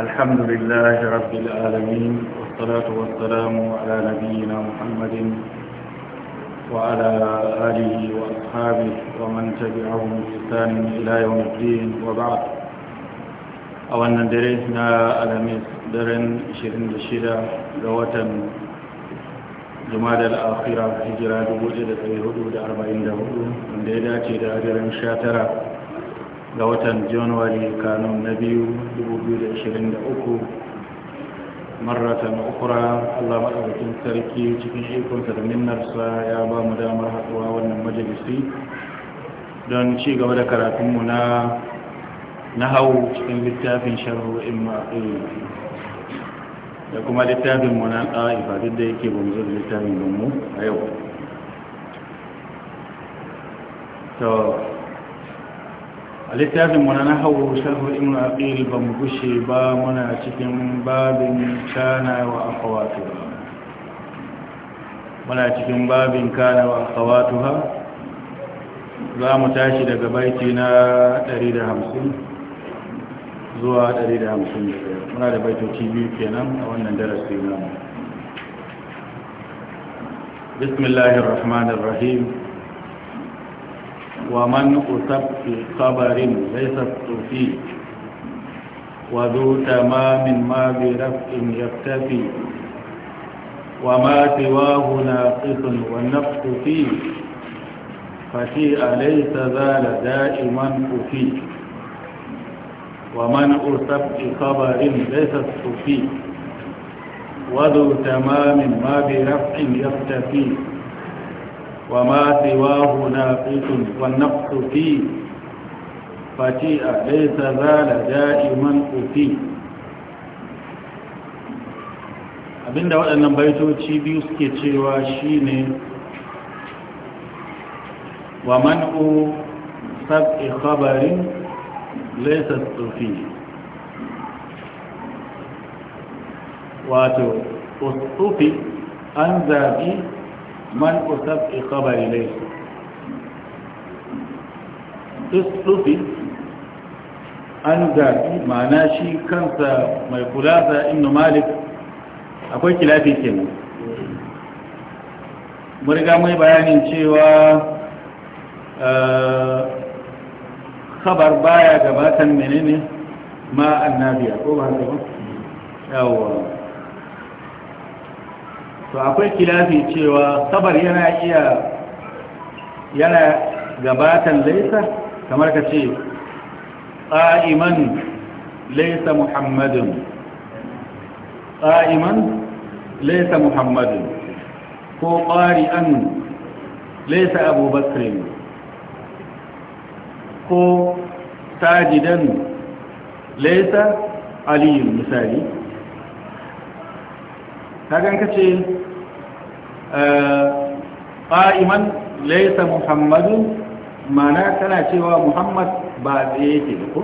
الحمد لله رب العالمين والصلاة والسلام على نبينا محمد وعلى آله وأصحابه ومن تبعهم بإحسان إلى يوم الدين وبعد أولا درسنا ألميس درن شرين الشدة لغة jumada al'akhira hijira 1444 wanda ya dace da hadirin 19 ga watan januwari kanun na biyu 2023 maratan ukura allah maɗaukakin sarki cikin ikonsa da minnarsa ya ba mu damar haɗuwa wannan majalisi don ci gaba da karatunmu na hau cikin littafin in ma'aɗi da kuma littafinmu na ɗa'ifa duk da yake bamu zuwa littafin mu a yau a littafin muna na nahawu sharhu ibn aqil ba mu gushe ba muna cikin babin kana wa akhawatuha muna cikin babin kana wa akwatu ha, za mu tashi daga baiti na 150 zuwa 150 muna da baitoci TV kenan a wannan darasi namu بسم الله الرحمن الرحيم ومن أتب في قبر ليس فيه وذو تمام ما برفع يكتفي وما سواه ناقص والنقص فيه فشيء ليس زال دائما أفيه ومن أصب قبر ليس أفي وذو تمام ما برفع يكتفي وما سواه ناقص والنقص فيه فتيء ليس زال دائما أفي abinda waɗannan baitoci biyu suke cewa shi ne. wa man'u sab'i khabarin laysa tufi wato ustufi an zabi man usab ikhabar ilai tufi an zaɓi ma'ana shi kansa mai kula da inda akwai kilafi kenan murga mai bayanin cewa eh, khabar baya gabatan menene ma annabiya ko ba haka ba yawon to akwai kilafi cewa sabar yana iya yana gabatan laisa kamar ka ce ƙa'iman laisa muhammadin ƙa'iman laisa muhammadin ko ƙari'an laisa abubakarin ko sajidan laisa Aliyu misali kagan ka ce ƙa'iman eh, laisa muhammadu mana tana cewa muhammad ba a tsaye yake da ko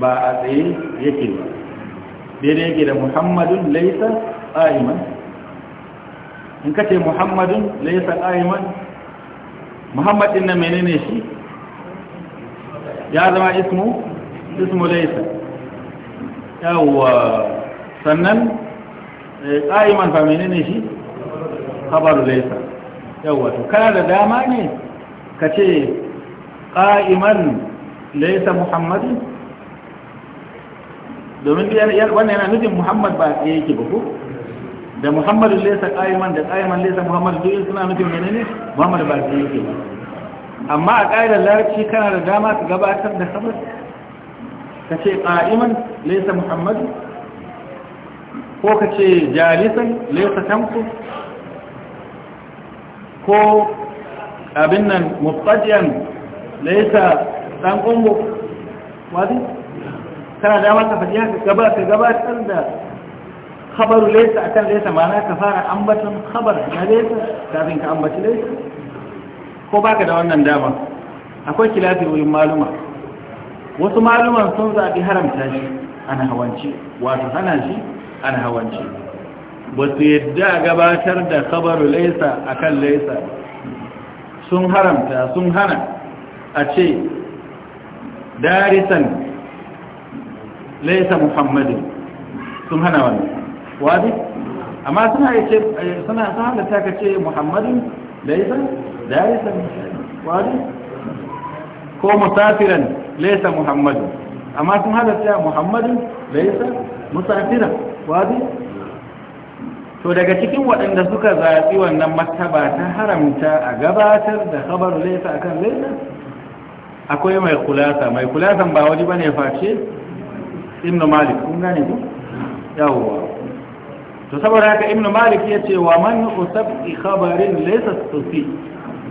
ba a tsaye yake ba daidai yake da muhammadun laisa ƙa'iman in ka ce muhammadun laisa ƙa'iman muhammad muhammadin na menene shi ya zama ismu ismu laisa yawwa sannan ƙa'iman eh, fa menene shi khabaru laysa yawa to kana da dama ne ka ce ƙa'iman laisa Muhammadu? domin wannan yana nufin muhammad ba tsaye yake ba ko da muhammadu laisa ƙa'iman da ƙa'iman laysa Muhammadu duk suna nufin menene muhammad ba tsaye yake ba amma a ƙa'idar larabci kana da dama ka gabatar da khabar ka ce ƙa'iman laisa Muhammadu. ko ka ce jalisan laisa tamku ko abin nan muftajiyan laisa dan kungu wadi kana da mata fadiya ka gaba ka gabatar da khabaru laisa akan laisa ma'ana ka fara ambaton khabar na laisa kafin ka ambaci laisa ko baka da wannan dama akwai kilafi wurin maluma wasu maluman sun zaɓi haramta shi ana hawanci wato hana shi an hawanci ba su yadda gabatar da kabaru laisa a kan laisa sun haramta sun hana a ce darisan laisa muhammadin sun hana wani wadi amma suna yi ce suna sun halatta ka ce muhammadin laisa darisan wadi ko musafiran laisa muhammadin amma sun hada halatta muhammadin laisa musafiran wadi to daga cikin waɗanda suka zaɓi wannan martaba ta haramta a gabatar da khabar laysa akan laysa akwai mai kulasa mai kulasan ba wani bane face ibn malik kun gane ku yawwa to saboda haka ibn malik ya ce wa man usabbi khabarin laysa sufi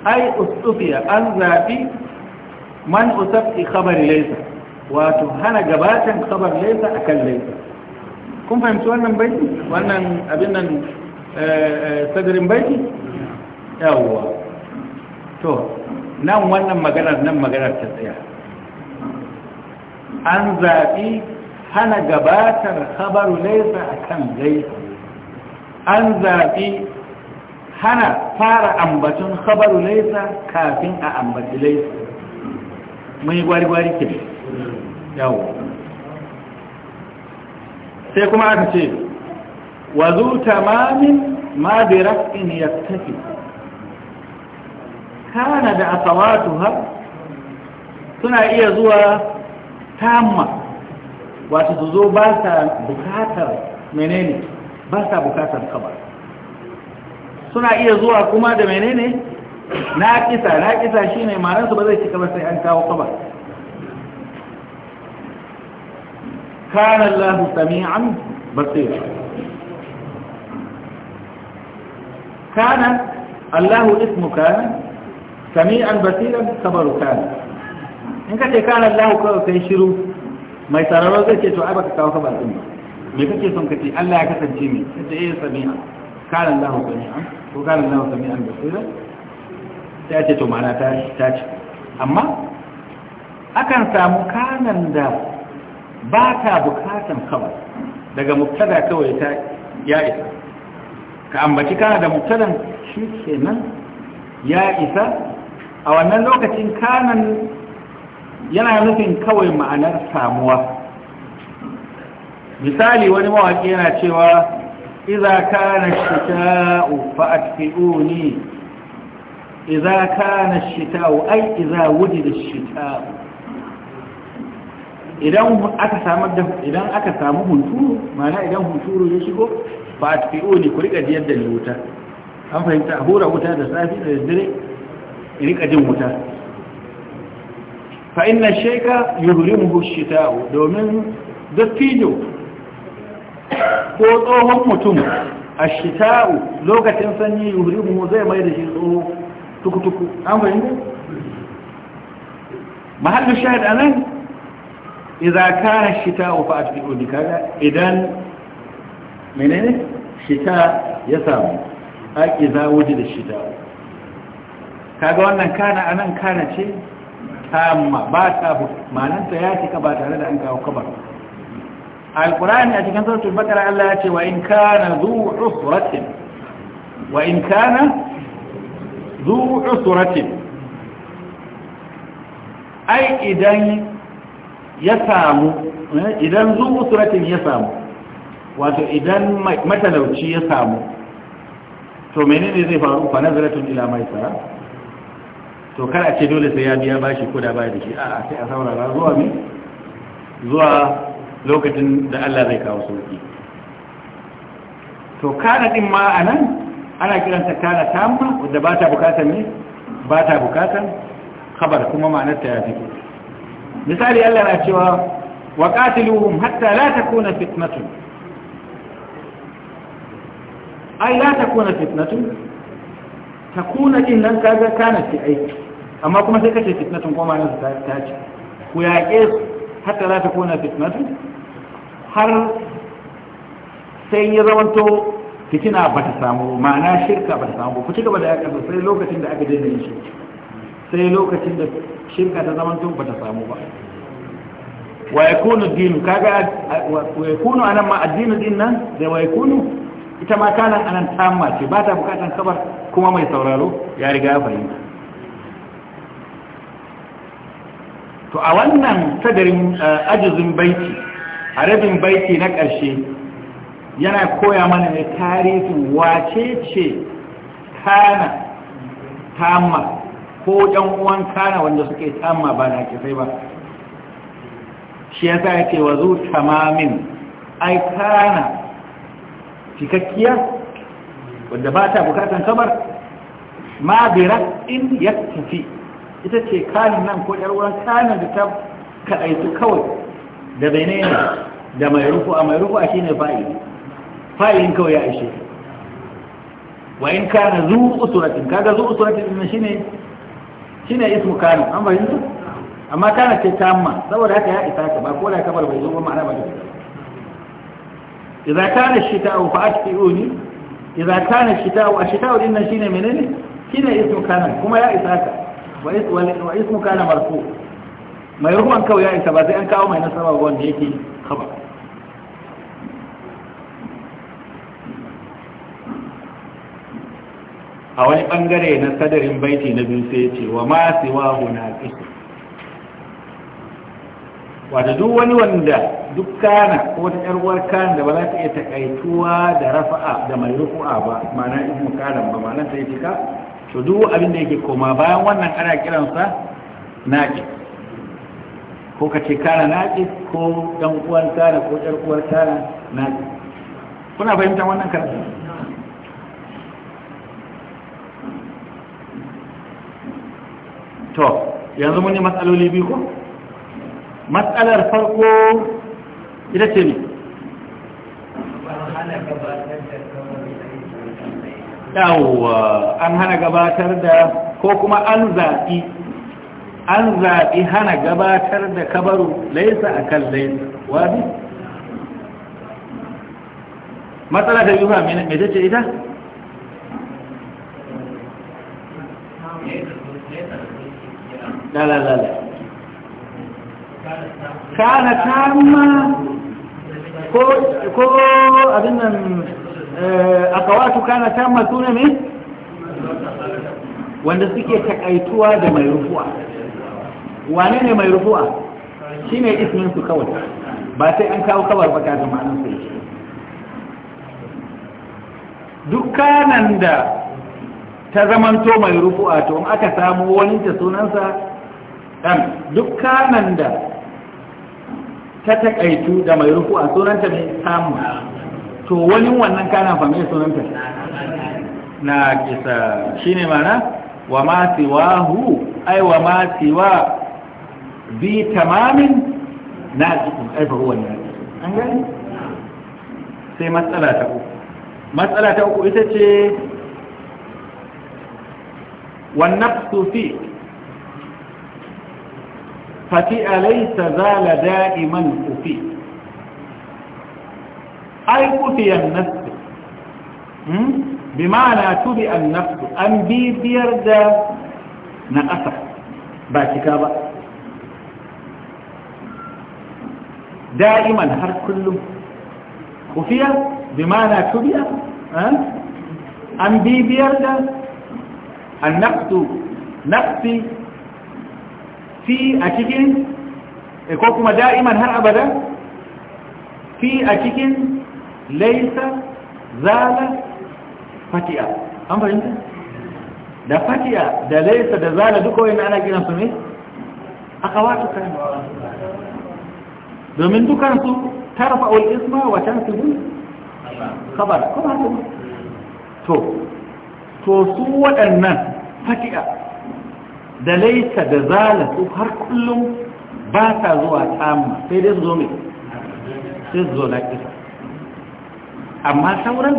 ai ustufiya an zaɓi man usabbi khabar laysa wato hana gabatar khabar laysa akan laysa kun fahimci wannan baiti wannan abin nan eh, eh, sadarin baiti yawwa to nan wannan maganar nan maganar ta tsaya an zaɓi hana gabatar habaru laisa a kan gaisa an zaɓi hana fara ambatun habaru laisa kafin a ambaci laisa mai gwari-gwari ke yawon sai kuma aka ce wa zu tamamin ma bi raf'in tafi kana da ha suna iya zuwa tamma wato su zo ba sa bukatar menene ba sa bukatar kaba suna iya zuwa kuma da menene na kisa na kisa shine ma'anarsu ba zai cika ba sai an kawo kaba kana Allah sami'an basira kana Allah ismu kana sami'an basiran kabaru kana in ka ce kana Allah kawai kai shiru mai sararo zai ce to ai baka kawo kabar din ba me kake son kace Allah ya kasance ne sai eh sami'an kana Allah sami'an ko kana Allah sami'an basira sai ce to mana ta ta ce amma akan samu kanan da ba ta bukatan kawai daga muktada kawai ta ya isa ka ambaci kana da muktadan shi nan ya isa a wannan lokacin kanan yana nufin kawai ma'anar samuwa misali wani mawaƙi yana cewa iza kana shita'u fa'atfi'uni iza kana shita'u ai iza wujida shita'u idan aka samu da idan aka samu hunturu mana idan hunturu ya shigo fa atfi'u ne ku rika jiyar da wuta an fahimta hura wuta da safi da dare rika jin wuta fa inna shayka yuhrimuhu ash-shita'u domin dattijo ko tsohon mutum a shitau lokacin sanyi yuhrimuhu zai mai da shi tsoho tukutuku an fahimta mahallin shahid anan idza kana shita'u fa atbi'u bi kaga idan menene shita ya samu aki za wuji da shita kaga wannan kana anan kana ce tamma ba ta mananta ya cika ba tare da an kawo kabar alqur'ani a cikin suratul baqara Allah ya ce wa in kana zu usratin wa in kana zu usratin ai idan ya samu eh, idan zuwa musulatin ya samu wato idan matalauci ya samu to menene zai faru fa nazaratun ila mai maisara to kada a ce dole sai ya biya bashi ko da baya da shi a sai a saurara zuwa mi zuwa lokacin da Allah zai kawo sauki to kana din ma anan ana kiranta kana tamma wadda ba ta bukatar ne ba ta bukatar khabar kuma ma'anar ta ya fito misali Allah na cewa wa qatiluhum hatta la takuna fitnatun ai la takuna fitnatun takuna din nan kaga kana ce ai amma kuma sai kace fitnatun kuma nan ta ta ce ku yaƙe hatta la takuna fitnatun har sai ya zamanto fitina ba ta samu ma'ana shirka ba ta samu ku ci gaba da yaƙa sai lokacin da aka daina yin shi. sai lokacin da shirka ta zaman tun ba ta samu ba wa ya kunu dinu kaga wa kunu anan ma addinu din nan da wa ya kunu ita ma kanan anan tamma ce ba ta bukatan kabar kuma mai sauraro ya riga ya fahimta to a wannan sadarin eh, ajizin baiti a rabin baiti na ƙarshe yana koya mana ne tarihin wace ce kana tamma ko ɗan uwan kana wanda suke tsamma ba na sai ba shi ya sa yake wa zu tamamin ai kana cikakkiya wanda ba ta bukatan kamar ma bira in ya tafi ita ce kanin nan ko uwan kana da ta kaɗaitu kawai da bene da mai rufu a mai rufu a shi ne fa'ili fa'ilin kawai ya ishe wa in kana zuwa usuratin kaga zuwa usuratin shi ne ne ismu kanu an fahimta amma kana ce tamma saboda haka ya isa ka ba ko da kabar bai zo ba ma'ana ba da idza kana shita'u fa atfi'uni idza kana shita'u ashita'u din nan shine menene ne ismu kanu kuma ya isa ka wa ismu kana marfu mai ruwan kawai ya isa ba sai an kawo mai nasaba wanda yake kaba. a wani bangare na sadarin baiti na biyu sai ce wa ma siwa hunaqis wanda duk wani wanda duk kana ko wata yar uwar kana da ba za ta iya takaituwa da rafa'a da mai ruku'a ba ma'ana ibnu kalam ba ma'ana sai cika to duk abin da yake koma bayan wannan ana kiransa naqis ko ka ce kana naqis ko dan uwan kana ko yar uwar kana naqis kuna fahimtar wannan karatu to yanzu mun yi matsaloli biyu ko matsalar farko ita ce ne yawwa an hana gabatar da ko kuma an zaɓi an zaɓi hana gabatar da kabaru laisa a kan laisa wani matsala ta yi ba mai ce ita لا لا لا لا ko abin nan كو أبنا أقوات كان تاما سنة wanda suke takaituwa da mai rufuwa wane ne mai rufuwa shi ne su kawai ba sai an kawo kabar baka da ma'anin sai dukkanan da ta zamanto mai rufuwa to aka samu wani ta sunansa ɗan duk da ta taƙaitu da mai ruku a sunanta mai samu to wani wannan kana fa mai sunanta na kisa shine mana wa ma hu, ai wa ma siwa bi tamamin na cikin aifar ruwan ya an gani sai matsala ta uku matsala ta uku ita ce wannan fi فتي ليس زال دائما كفي أي كفي النفس بمعنى تبئ النفس أن بي بيرد نأسه باتكا بقى دائما هر كل خفية بمعنى تبئ أن بي بيرد النفس نفسي fi a cikin eh, ko kuma da'iman har abada fi a cikin laisa zala fati'a an fahimta da fati'a da laisa da zala duka wani ana kiran ne aka wata kan domin dukansu tarfa isma wa tansibu khabar kuma haka to to su waɗannan fati'a da laita da zalatu har kullum ba ta zuwa tamu sai dai zo mai sai zo na kisa amma sauran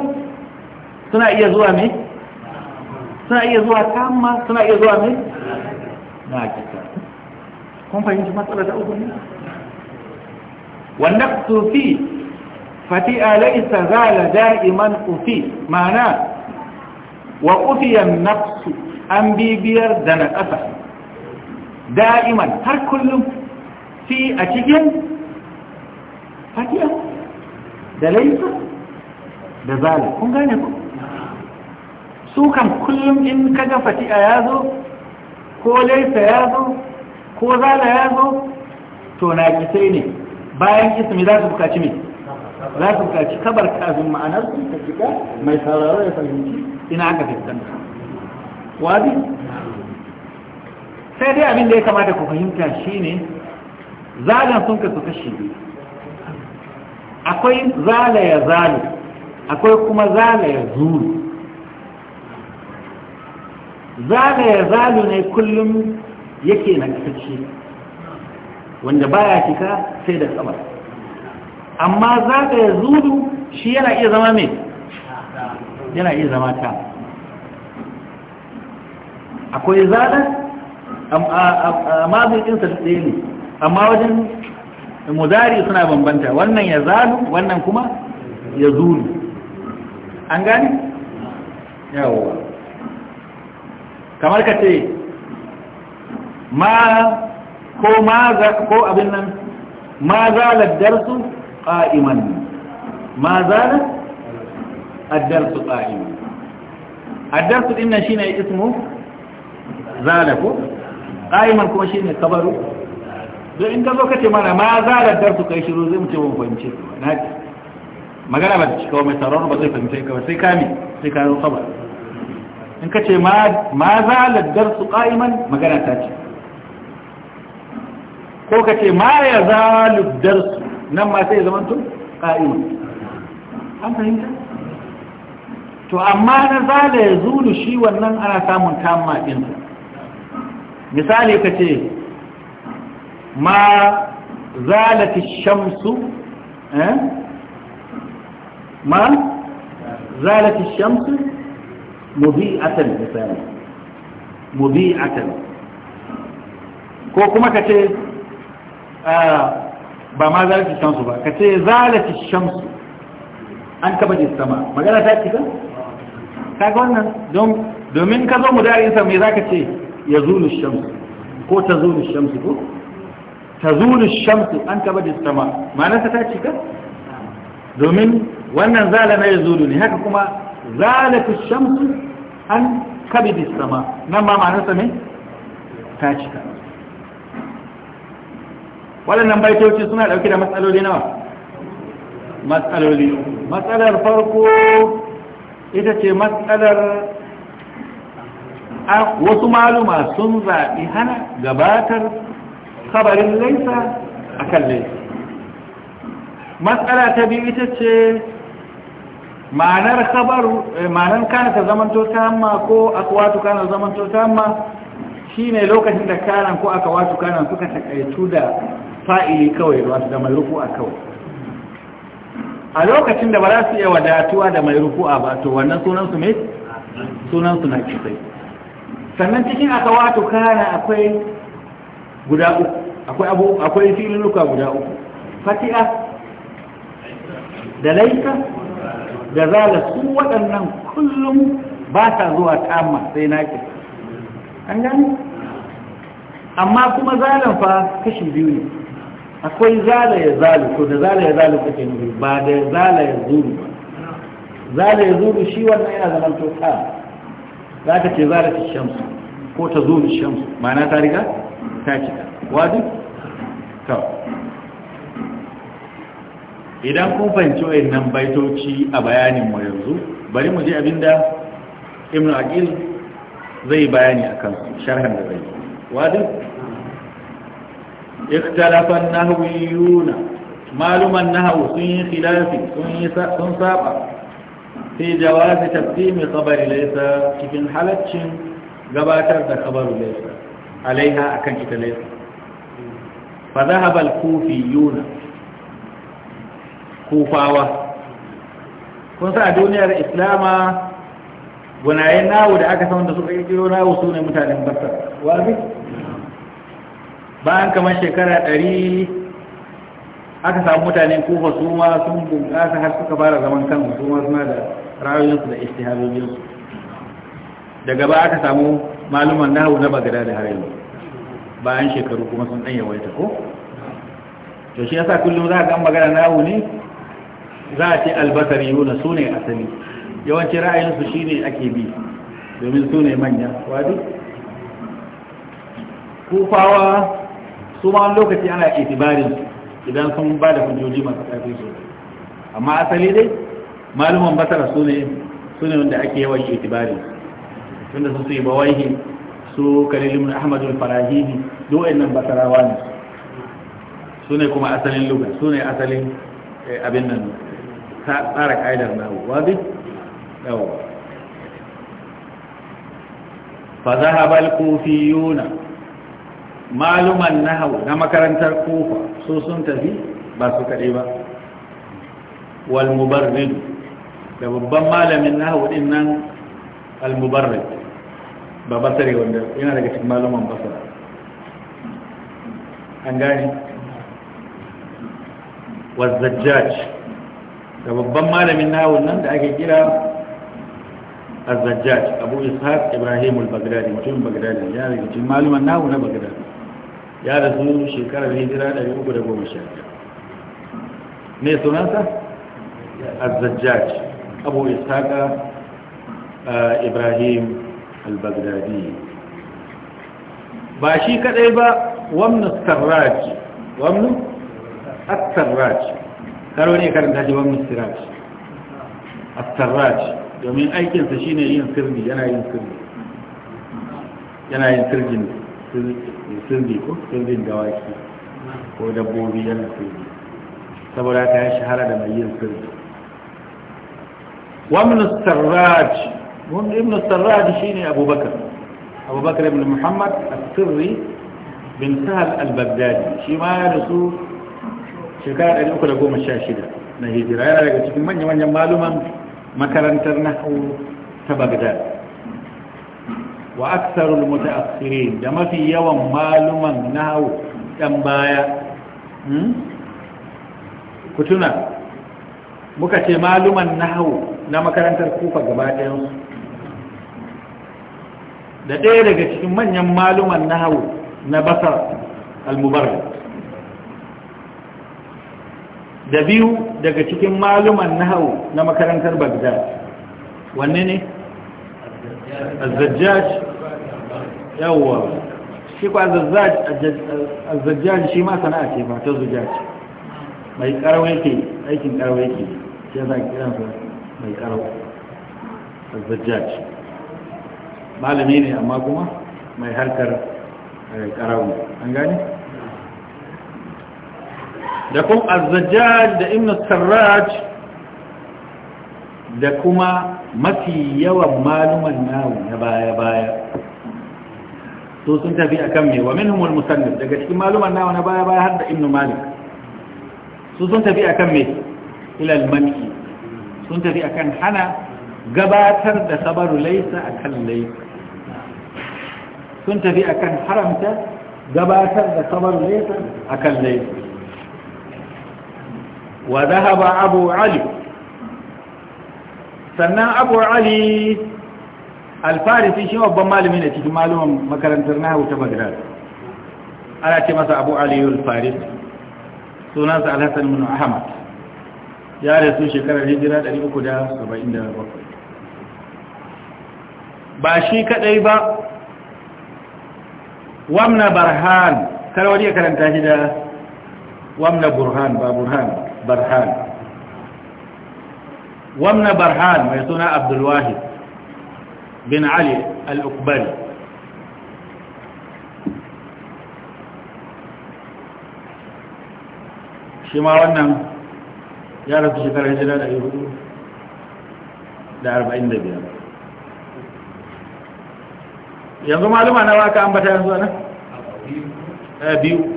suna iya zuwa mai suna iya zuwa tamu suna iya zuwa mai na kisa kun fahimci matsala ta uku ne wannan sufi fati'a laisa zala da'iman ufi ma'ana wa ufiyan nafsu an bibiyar da na ƙasa da'iman har kullum fi a cikin Fatiya da laifin da zala kun gane ku su kan kullum in kaga Fatiya ya zo ko laifin ya zo ko zala ya zo to na kisai ne bayan ismi za su bukaci mai za su bukaci kabar kazin ma'anar su ta shiga mai sauraro ya fahimci ina aka fi wadi sai dai abin da ya kamata ku fahimta shine zalan sun kasu kashi biyu akwai zala ya zalu akwai kuma zala ya zulu zala ya zalu ne kullum yake na kasance wanda baya kika sai da tsabar amma zala ya zulu shi yana iya zama mai yana iya zama ta akwai zada amma zuƙinsa da ɗaya ne amma wajen muzari suna bambanta wannan ya zalu wannan kuma ya zulu an gani? yawowa kamar ka ce ma ko ma ko abin nan ma zalar darsu ƙa'iman ma zalar addarsu ƙa'iman addarsu ɗin nan shi ne ismu zala ko qa'iman kuma shine kabaru don in ka zo ka ce mana ma zala dar su kai shiru zai mu ce ban fahimce naki magana ba cika mai sauraron ba zai fahimce ka ba sai kami sai ka zo kabar in ka ce ma zala dar su qa'iman magana ta ce ko ka ce ma ya zalu dar su nan ma sai zaman tun qa'iman an fahimta to amma na zala ya zulu shi wannan ana samun tamma ɗinsa misali ka ce ma zalati shamsu eh? ma zalati shamsu mubi'atan misali mubi'atan ko kuma ka ce ah, ba ma zalati shamsu ba ka ce zalati shamsu an kaba ji sama magana ta cika? ka ga wannan domin ka zo mu darinsa mai za ka ce ya zulu shamsu ko ta shamsu ko ta shamsu an taba da sama ma'anarsa ta cika domin wannan zala na ya ne haka kuma zalatu shamsu an kabidi sama nan ma ma'anarsa ne ta cika waɗannan baitoci suna ɗauke da matsaloli nawa matsaloli matsalar farko ita ce matsalar wasu maluma sun zaɓi hana gabatar kabarin laisa a kan laisa matsala ta biyu ita ce ma'anar eh, kana ta zamanto ta hamma ko watu kana zamanto ta hamma shine lokacin da kana ko aka watu kanan suka takaitu da fa'ili kawai wasu da mai a kawai a lokacin da ba za su iya wadatuwa da mai rufu'a ba to wannan sunansu mai sunansu na kisai sannan cikin akawatu kana akwai guda uku akwai abu akwai filinuka guda uku fati'a da laika da zala su waɗannan kullum ba ta zuwa tamma sai ke an gani amma kuma zalan fa kashi biyu ne akwai zala ya zalu to da zala ya zalu kake nufi ba da zala ya zuru ba zala ya zuru shi wannan yana zaman to kama za ka ce zara ta shamsu ko ta zo shamsu ma'ana ta riga ta cika wadu? ta idan kun fahimci wayannan baitoci a bayanin mu yanzu bari mu je abinda imnu aqil zai bayani a kan sharhan da zai wadu? ikhtalafan nahwiyuna maluman nahwu sun yi khilafi sun saba fi jawazi taqdimi khabari laysa cikin halaccin gabatar da khabaru laysa alaiha akan ita laysa fa dhahaba al-kufiyuna kufawa kun sa duniyar islama gunayen nawo da aka san da suka kirkiro nawo su ne mutanen basar Ba bayan kamar shekara ɗari. aka samu mutanen kufa su ma sun bunƙasa har suka fara zaman kansu su ma suna da ra'ayoyinsu da istihazoyinsu daga ba aka samu maluman nahu na bagada da har yanzu bayan shekaru kuma sun ɗan yawaita ko to shi yasa kullum za a ga magana nahu ne za a ce albasar yuna su ne asali yawanci ra'ayinsu shi ne ake bi domin su ne manya wadu kufawa su ma lokaci ana itibarinsu idan sun ba da hujjoji masu ƙarfi so amma asali dai maluman basara su ne su ne wanda ake yawan itibari tunda su su yi bawaihi su kalilin ahmadul farahini duk wayannan basarawa ne su ne kuma asalin lugar su ne asalin eh, abin nan tsara ka'idar nahu wazi yawa fa zahaba al-kufiyuna maluman nahau na makarantar kufa su sun tafi ba su kaɗai ba walmubarrid da babban malamin nahau din nan almubarrid ba basare wanda yana daga cikin maluman basara an gani wazzajjaj da babban malamin nahau nan da ake kira الزجاج أبو إسحاق إبراهيم البغدادي مجمع بغدادي يعني مجمع معلومة ناو نا ya rasu shekarar hijira 310 ne sunansa azzajjaj abu isaka eh, ibrahim al-baghdadi ba shi kadai ba wamnu sarraj wamnu at-sarraj karo ne karanta ji wamnu sarraj at-sarraj domin aikinsa shine yin sirri yana yin sirri yana yin sirrin sirri ko sirrin dawaki ko dabbobi yana sirri saboda ta ya shahara da mai yin sirri wamnu sarraj wani ibn sarraj shine abubakar abubakar ibn muhammad as-sirri bin sahal al-baghdadi shi ma ya rasu shekara 316 na hijira yana daga cikin manya-manyan maluman makarantar na nahawu ta baghdad wa aksarul muta'akhirin da mafi yawan maluman nahwu dan baya hmm kutuna muka ce maluman nahwu na makarantar kufa gaba ɗayan da ɗaya daga cikin manyan maluman nahwu na basar al-mubarak da biyu daga cikin maluman nahwu na makarantar bagdad wanne ne azzajjaj yawwa shi kwa azzajjaj shi ma sana'a ce ba ta mai karawa yake aikin karawa yake shi ya za kiransa mai karawa azzajjaj malami ne amma kuma mai harkar karawa eh, an da kuma azzajjaj da imna sarraj da kuma mafi yawan maluman nawo na baya-baya to sun tafi a kan mewa minhumul musannif daga cikin maluman nawo na baya-baya har da innu malik su sun tafi a kan me ilal manki sun tafi a kan hana gabatar da sabaru laisa a kan laifin? sun tafi a kan haramta gabatar da sabaru laisa a kan laifin? wa zahaba abu ali sannan abu ali alfarisi shi babban malami ne cikin malumin makarantar nahu ta bagdad ana ce masa abu ali alfaris sunansa alhassan min ahmad ya rasu shekarar hijira 377 ba shi kadai ba wamna barhan karwar ya karanta shi da wamna burhan ba burhan barhan wamna barhan mai suna abdulwahid bin ali al’ukbali shi ma wannan ya rasu shekarar jira da iru da arba'in da biyar yanzu maluma na waka an bata yanzu wani?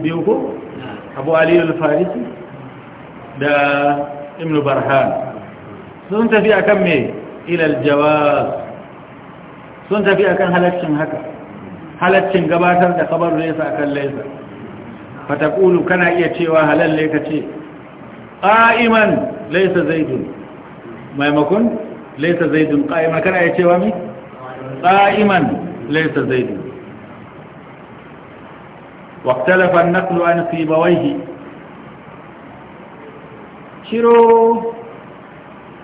biyu ko? abu aliyu alfarisi da imnu barhan sun tafi akan me ilal jawa? sun tafi akan halaccin haka halaccin gabatar da kabar a akan laisa fataƙulu kana iya cewa halal ce? kace laisa zai zaidun maimakon laysa zaidun ƙa'iman kana iya cewa mi qa'iman laysa zaidun واختلف النقل عن سيبويه shiro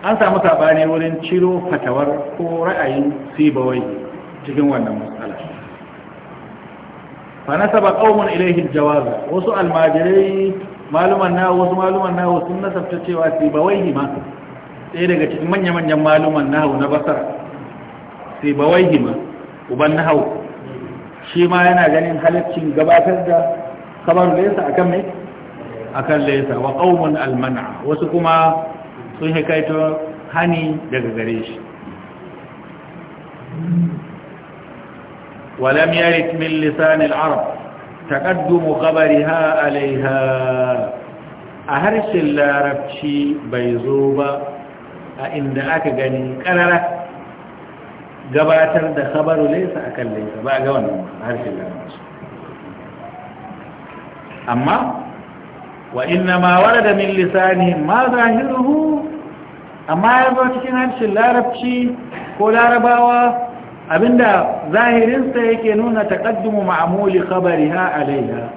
an samu sabani wurin ciro fatawar ko ra'ayin sibawai cikin wannan matsala fa nasaba qaumun ilayhi aljawaz wasu almajirai maluman na wasu maluman na sun nasabta cewa sibawai hima sai daga cikin manya-manyan maluman nahu na basar sibawai hima uban hau. shi ma yana ganin halaccin gabatar da kabar lesa akan mai akan laisa, wa qaumun alman'a wasu kuma sun hekaito hani daga gare shi walam yarit min lisanil arab taqaddumu qabriha alaiha a harshen larabci bai zo ba a inda aka gani kanara gabatar da khabaru laysa akan laysa ba ga wannan harshen larabci amma wa inna ma min lisanihim ma zahiruhu amma ya zo cikin hancin larabci ko larabawa abinda zahirinsa yake nuna taƙaddumu ma'amuli a alaiha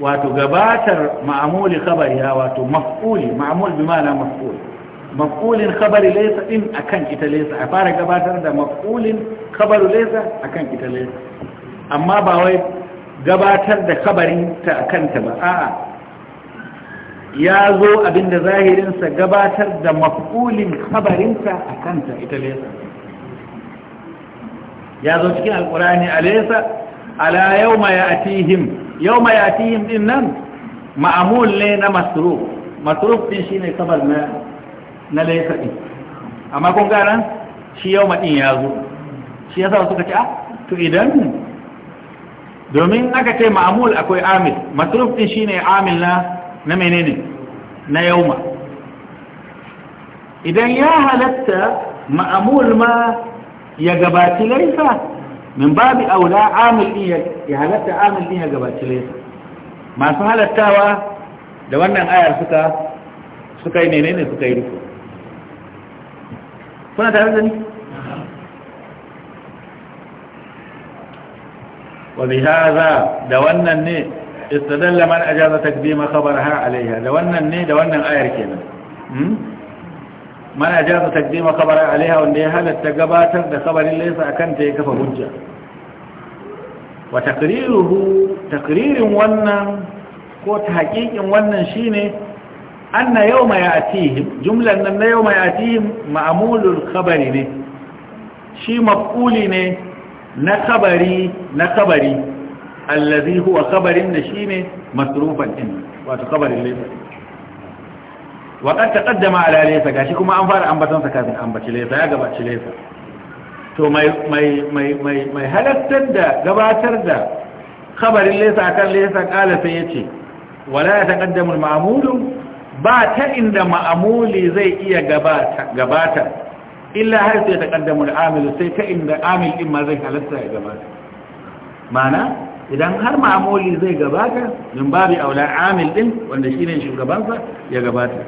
wato gabatar ma'amuli ha wato maf'uli ma'amul bi ma'ana maf'ul maf'ulin khabari laysa din akan ita laysa a fara gabatar da maf'ulin khabaru laysa akan ita laysa amma ba wai gabatar da khabarin ta akan ta ba a'a ya zo abinda zahirinsa gabatar da mafulin khabarinsa a kanta ita lesa ya zo cikin alkurani a lesa ala yau ma ya yau ma ya atihim din nan ma'amul ne na masruf masruf din shi ne kabar na lesa din amma kun garan shi yau ma ya zo shi ya sa suka ce a ah, to idan domin aka ce ma'amul akwai amil masruf din shi ne amil na na menene na yauma idan ya halatta ma'amul ma ya gabaci laifa min babu aula amil din ya halatta amil din ya gabaci laifa masu halattawa da wannan ayar suka suka yi menene suka yi riko kuna tare da ni wa bi hadha da wannan ne istadalla man ajaza takdima khabaraha alaiha da wannan ne da wannan ayar kenan man ajaza takdima khabaraha alaiha wanda ya halatta gabatar da khabarin laysa akan ta ya kafa hujja wa taqriruhu taqririn wannan ko tahqiqin wannan shine anna yawma ya'tihim jumlan nan na yawma ya'tihim ma'mulul khabari ne shi maf'uli ne na khabari na khabari allazi huwa kabarin da shi shine masrufan din wato khabarin laysa ta qad a ala laysa gashi kuma an fara ambaton sa kafin ambaci laysa ya gabaci laysa to mai mai halattar da gabatar da kabarin khabarin a kan laysa kala ya ce wala ta al-ma'mulu ba ta inda ma'amuli zai iya gabata illa har sai taqaddamu al-amilu sai ta inda amil ɗin ma zai halatta ya gabata mana idan har ma'amoli zai gabata min babi aula amil din wanda shine shugabansa ya gabata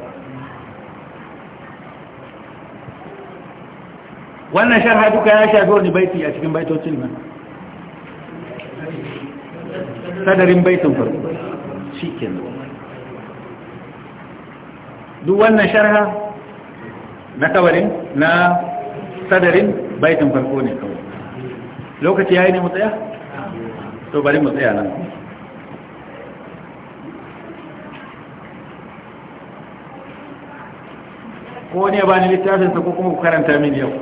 wannan sharha duka ya shafi wani baiti a cikin baitocin nan sadarin baitin farko shikenan duk wannan sharha na kawarin na sadarin baitin farko ne kawai lokaci ya yi ne mu tsaya to bari mu tsaya nan ko ne ba ni littafin sa ko kuma ku karanta min yau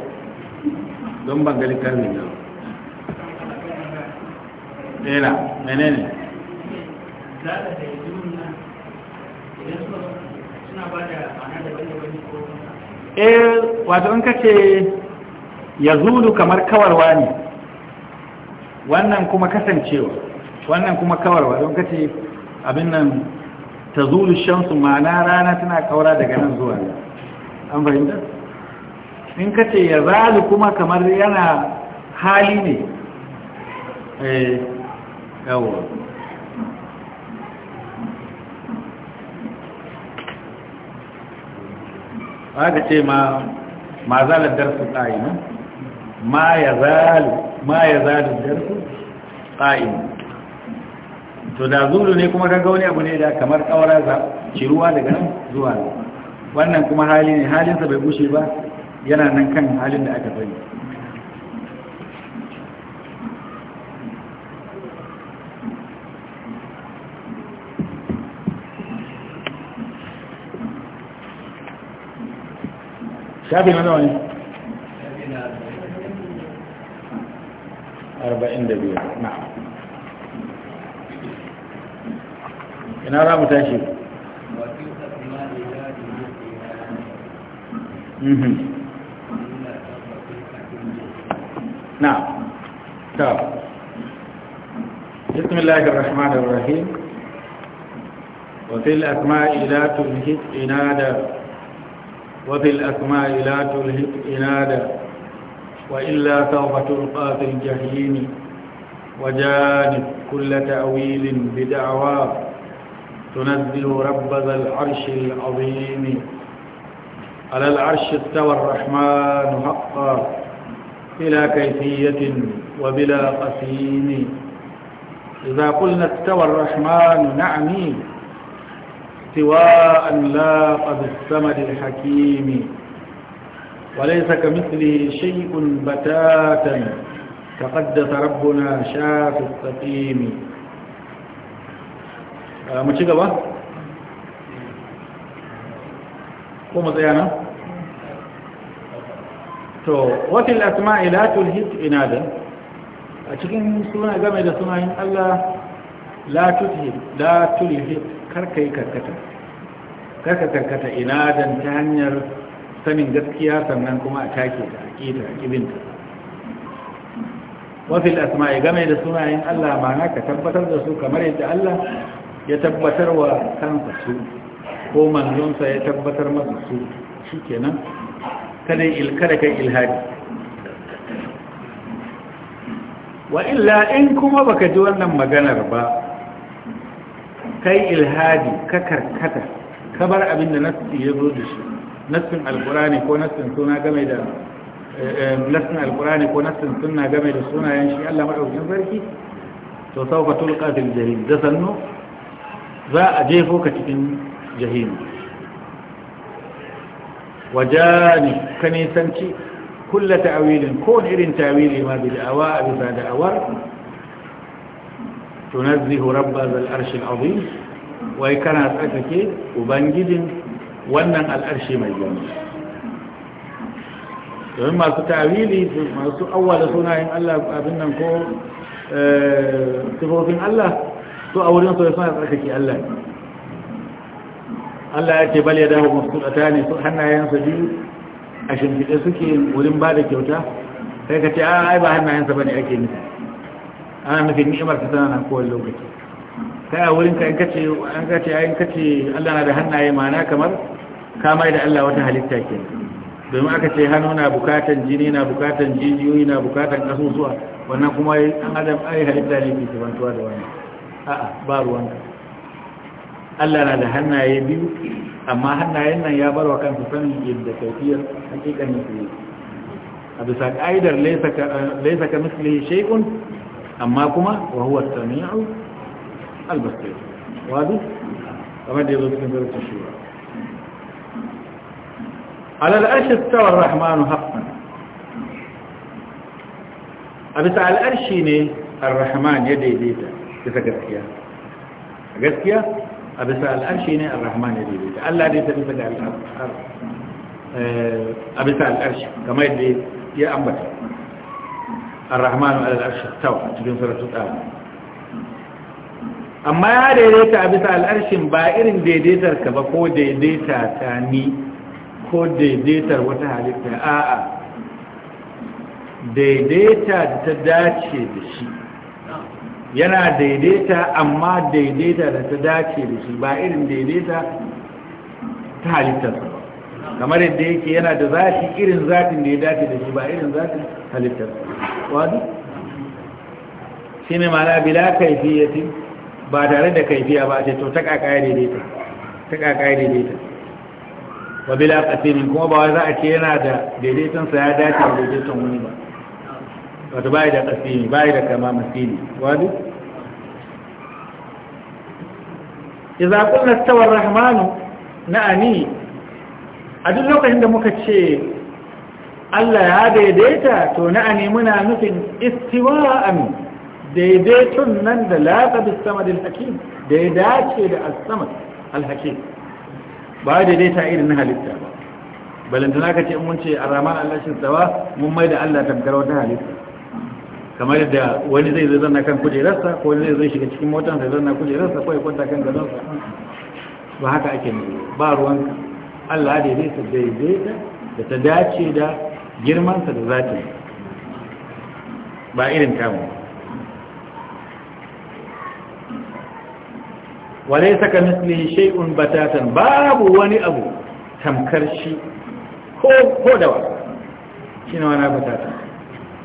don ban ga littafin yau dela menene eh wato in kace ya zulu kamar kawarwa ne wannan kuma kasancewa wannan kuma kawarwa don kace abin nan tazulu shamsu ma'ana rana tana kaura daga nan zuwa an fahimta in kace ya zalu kuma kamar yana hali ne eh Ba aka ce ma ma zalar darsu ɗayi ma ya zalu ma ya da darsu ƙa’in to da zulu ne kuma ga wani abu ne da kamar kawara za ruwa daga nan zuwa nan wannan kuma hali ne halinsa bai gushe ba yana nan kan halin da aka sani shafi mana wani arba'in da biyu na ina za mu tashi na ta bismillahir rahmanir وفي الأسماء لا وفي الأسماء لا وإلا توبة تلقى في الجحيم وجانب كل تأويل بدعوى تنزل رب ذا العرش العظيم على العرش استوى الرحمن حقا بلا كيفية وبلا قسيم إذا قلنا استوى الرحمن نعني استواء لاقى بالسمد الحكيم وليس كمثله شيء بتاتا تقدس ربنا شاف السقيم mu ci gaba? ko mu tsaya nan? to wakil asma'i la tulhis inadan a cikin suna game da sunayen Allah la tulhis la tulhis karkai karkata karka karkata ta hanyar sanin gaskiya sannan kuma a take ta aƙida aƙibinta wafil asma'i game da sunayen Allah ma na ka tabbatar da su kamar yadda Allah ya tabbatar wa kansa su ko manzonsa ya tabbatar masa su shi kenan kada ilkada kai ilhadi wa illa in kuma baka ji wannan maganar ba kai ilhadi ka karkata ka bar abin da nasu ya zo da shi nassin alkurani ko nassin suna game da eh, eh, nassin alkurani ko nassin sunna game da sunayen shi Allah madaukakin sarki to saufa tulqa fil jahim da sannu za a jefo ka cikin jahim wajani ka nisanci kulla ta'awilin ko irin ta'wili ma bi da'awa a bisa da'awar tunazzihu rabba zal arshil azim wai kana tsakake ubangijin wannan al'arshi mai girma domin masu tawili masu awwala sunayen Allah abin nan ko eh, sifofin Allah to a wurin sai suna tsarkake Allah Allah ya ce bal ya dawo mafsudata ne su hannayensa biyu a shimfiɗe suke wurin ba da kyauta sai ka ce a ah, ai ba hannayensa bane ake nufi ana nufin ni'imar ka tana nan kowane lokaci kai a wurin ka in kace an kace kace Allah na da hannaye ma'ana kamar kama da Allah wata halitta ke domin aka ce hannu na bukatan jini na bukatan jijiyoyi na bukatan kasusuwa wannan kuma an adam ai halitta ne ke bantuwa da wani a'a ba ruwanka Allah na da hannaye biyu amma hannayen nan ya bar barwa kansa sanin yadda kaifiyar hakikanin su yake a bisa ka'idar laisa ka mislihi shay'un amma kuma wa huwa as-sami'u al-basir wadu kamar da yazo cikin suratul shura على الأرش استوى الرحمن حقا أبس على الأرش الرحمن يدي بيتا كيف قسكيا قسكيا أبس على الأرش الرحمن يدي بيتا ألا ديتا كيف قسكيا أه، أبس على الأرش كما يدي يا أمبت الرحمن على الأرش استوى تبين سورة تتآل أما يا ديتا أبس على الأرش بائر ديتا كبقو ديتا تاني ko daidaitar wata halitta a'a daidaita da ta dace da shi yana daidaita amma daidaita da ta dace da shi ba irin daidaita ta halittar. ba kamar yadda yake yana da zafi irin zafin da ya dace da shi ba irin zafin halittarsa wadu shi ne mana bila kaifiyatin ba tare da kaifiya ba ce to ta kakaya daidaita ta kakaya daidaita wa bila qasimin kuma ba wai za a ce yana da daidaiton sa ya dace da daidaiton wani ba wato bai da qasimi bai da kama masili wadi idza qulna istawa ar-rahmanu na'ani a duk lokacin da muka ce Allah ya daidaita to na'ani muna nufin istiwa'an daidaiton nan da laqad as-samad al-hakim da ya dace da as-samad al-hakim ba ta irin na halitta ba balantana ce mun ce a Allah shi tsawa mun mai da Allah tamkar wata halitta kamar da wani zai zai zanna kan kujerarsa ko wani zai zai shiga cikin motar zai zanna kujerarsa ko ya kwanta kan gadonsa ba haka ake nuna ba ruwan Allah daidaita daidaita da ta dace da girmansa da zatin ba irin kamun wale saka mislihi shay'un batatan babu wani abu tamkar shi ko ko da wa shine wani batatan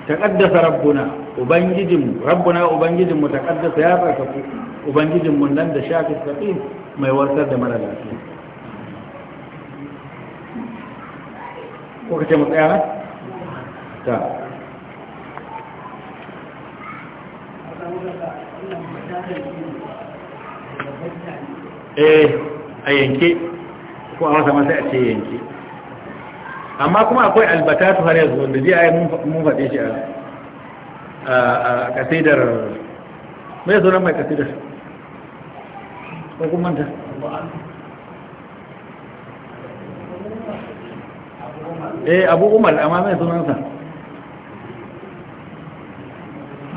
taqaddasa rabbuna ubangijin rabbuna ubangijin mu taqaddasa ya tsarkaku ku mu nan da shafi saqim mai warkar da mara lafiya ko kace mu tsaya ta Thank you. eh a yanke ko a wasa masa a ce yanke amma kuma akwai albatatu har yanzu wanda zai ayi mun faɗe shi a kasidar mai zo nan mai kasidar ko kun manta eh abu umar amma mai sunansa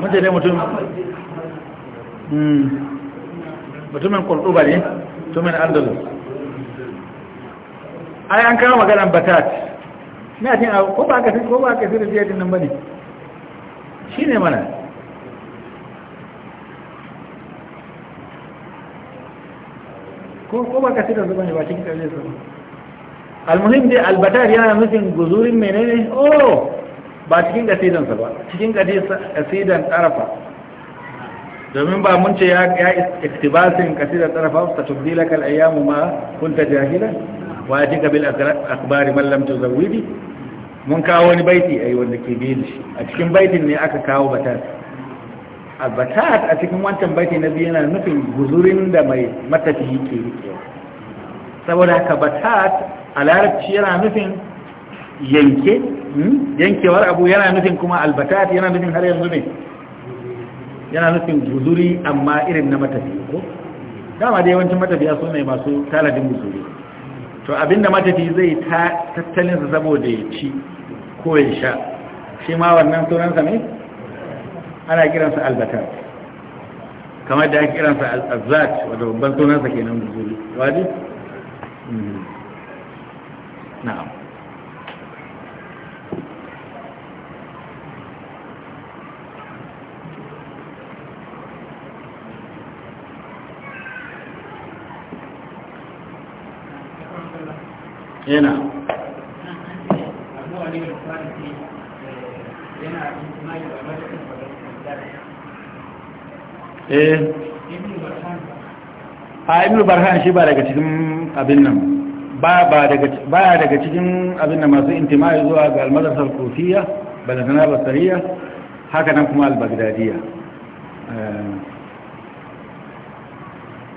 mutane mutum hmm. mutumin kurtuba ne mutumin andalus ai an kawo maganan batat na cin a ko ba ka ko ba ka sirri jiyar nan bane shine mana ko ko ba ka sirri su ne ba cikin kalle su almuhim dai albatar yana nufin guzurin menene oh ba cikin kasidansa ba cikin kasidan arafa domin ba mun ce ya iktibasin kasira tarafa ta tubdila kal ayyamu ma kunta jahila wa atika bil akbari man lam tuzawwidi mun kawo wani baiti ai wanda ke biye shi a cikin baitin ne aka kawo batat a batat a cikin wancan baiti na biyu yana nufin guzurin da mai matafiyi ke rike saboda haka batat a larabci yana nufin yanke hmm? yankewar abu yana nufin kuma albatat yana nufin har yanzu ne yana nufin guzuri amma irin na matafi ko dama da yawancin matafiya su ne masu taladin guzuri to abinda matafi zai tattalinsa saboda ya ci ko ya sha shi ma wannan sunansa ne ana kiransa albatar kamar da ake kiransa al'azzat wadda babban sunansa kenan guzuri wadi mm-hmm. na'am yana eh a ibn barhan shi ba daga cikin abin nan ba ya daga cikin abin nan masu intimai zuwa ga almadrasar kofiya balantana basariya haka nan kuma albagdadiya eh.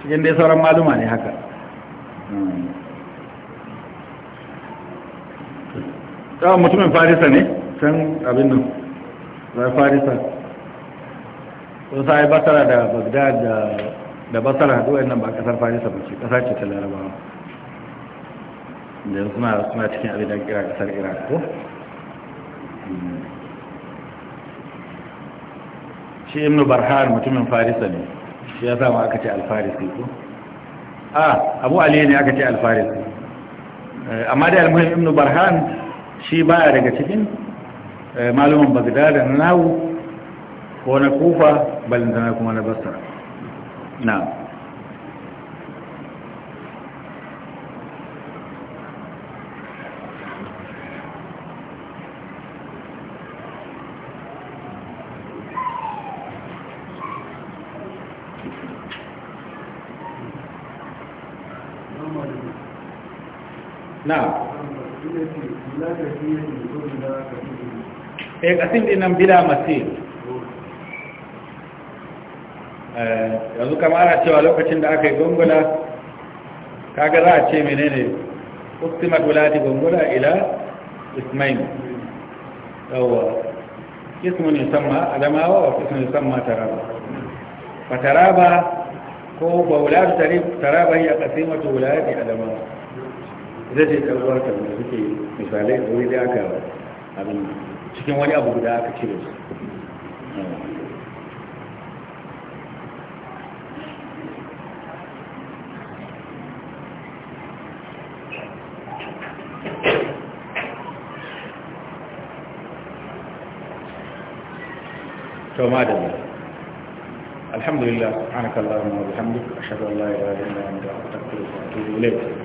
cikin dai sauran maluma ne haka hmm. tsawon ah, mutumin farisa ne can abin nan zai farisa sun sa yi basara da bagdad da basara duwayen nan ba kasar farisa ba ce kasar ce ta larabawa da suna suna cikin abin da kira kasar iraq ko hmm. shi imnu Barhan mutumin farisa ne shi ya sama aka ce alfarisi ko a ah, abu aliyu ne aka ce alfarisi eh, amma dai almuhim imnu barhan shi baya daga cikin eh, malumin da na nawu ko na kufa balintana kuma na basta na na E eh, kasin dinan bila mace eh, yanzu kama ana cewa lokacin da aka yi gongola kaga za a ce menene uktimat wulati gongola ila ismail yawwa ismun yusamma adamawa wa ismun yusamma taraba fa taraba ko ba wulati taraba hiya qasimatu wulati adamawa zai ce ɗan uwarka da suke misalai da wuri da aka abin cikin wani abu guda aka cire su وما دمر الحمد لله سبحانك اللهم وبحمدك أشهد أن لا إله إلا أنت أستغفرك وأتوب إليك